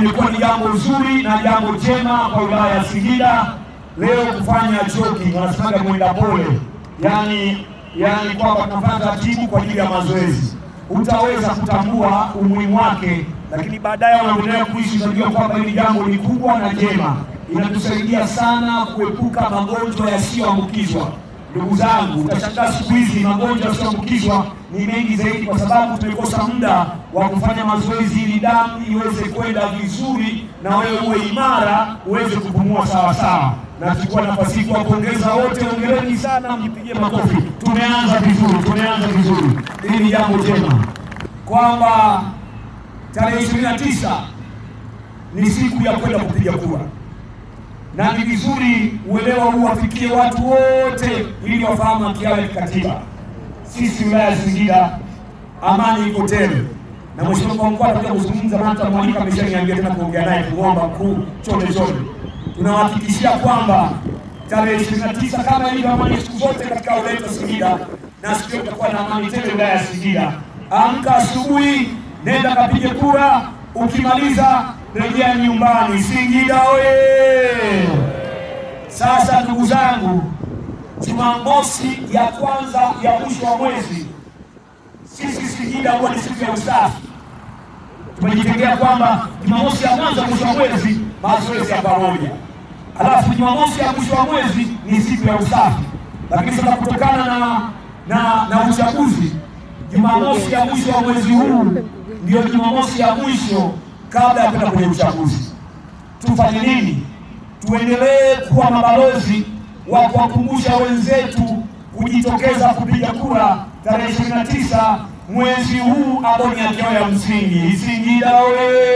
lilikuwa ni jambo zuri na jambo jema kwa wilaya ya Singida leo kufanya choki wanasemaga mwenda pole, yani yani kwamba tunafanya taratibu kwa ajili ya mazoezi. Utaweza kutambua umuhimu wake, lakini baadaye unaendelea kuishi, unajua kwamba hili jambo ni kubwa na jema, inatusaidia sana kuepuka magonjwa yasiyoambukizwa. Ndugu zangu, utashangaa siku hizi magonjwa ya ni mengi zaidi, kwa sababu tumekosa muda wa kufanya mazoezi ili damu iweze kwenda vizuri na wewe uwe imara uweze kupumua sawa sawa. Na nafasi hii kuwapongeza wote, ongereni sana, mjipigie makofi. Tumeanza vizuri, tumeanza vizuri. Hili ni jambo jema kwamba tarehe 29 ni siku ya kwenda kupiga kura na ni vizuri uelewa huu wafikie watu wote, ili wafahamu haki yao ya kikatiba. Sisi wilaya ya Singida amani iko tele, na mheshimiwa kwa mkoa atakuja kuzungumza, maana tutamwalika, ameshaniambia tena kuongea naye, kuomba mkuu chote chote, tunawahakikishia kwamba tarehe 29 kama ilivyo amani siku zote katika wilaya ya Singida, na siku hiyo tutakuwa na amani tele wilaya ya Singida. Amka asubuhi, nenda kapige kura, ukimaliza rejea nyumbani. Singida oye! Sasa ndugu zangu, Jumamosi ya kwanza ya mwisho wa mwezi, sisi Singida huwa ni siku ya usafi. Tumejitengea kwamba Jumamosi ya kwanza mwisho wa mwezi mazoezi ya pamoja, alafu Jumamosi ya mwisho wa mwezi ni siku ya usafi. Lakini sasa kutokana na na na uchaguzi, Jumamosi ya mwisho wa mwezi huu ndio Jumamosi ya mwisho kabla ya kwenda kwenye uchaguzi. Tufanye nini? tuendelee kuwa mabalozi wa kuwakumbusha wenzetu kujitokeza kupiga kura tarehe 29 mwezi huu ambao ni ya msingi Singida we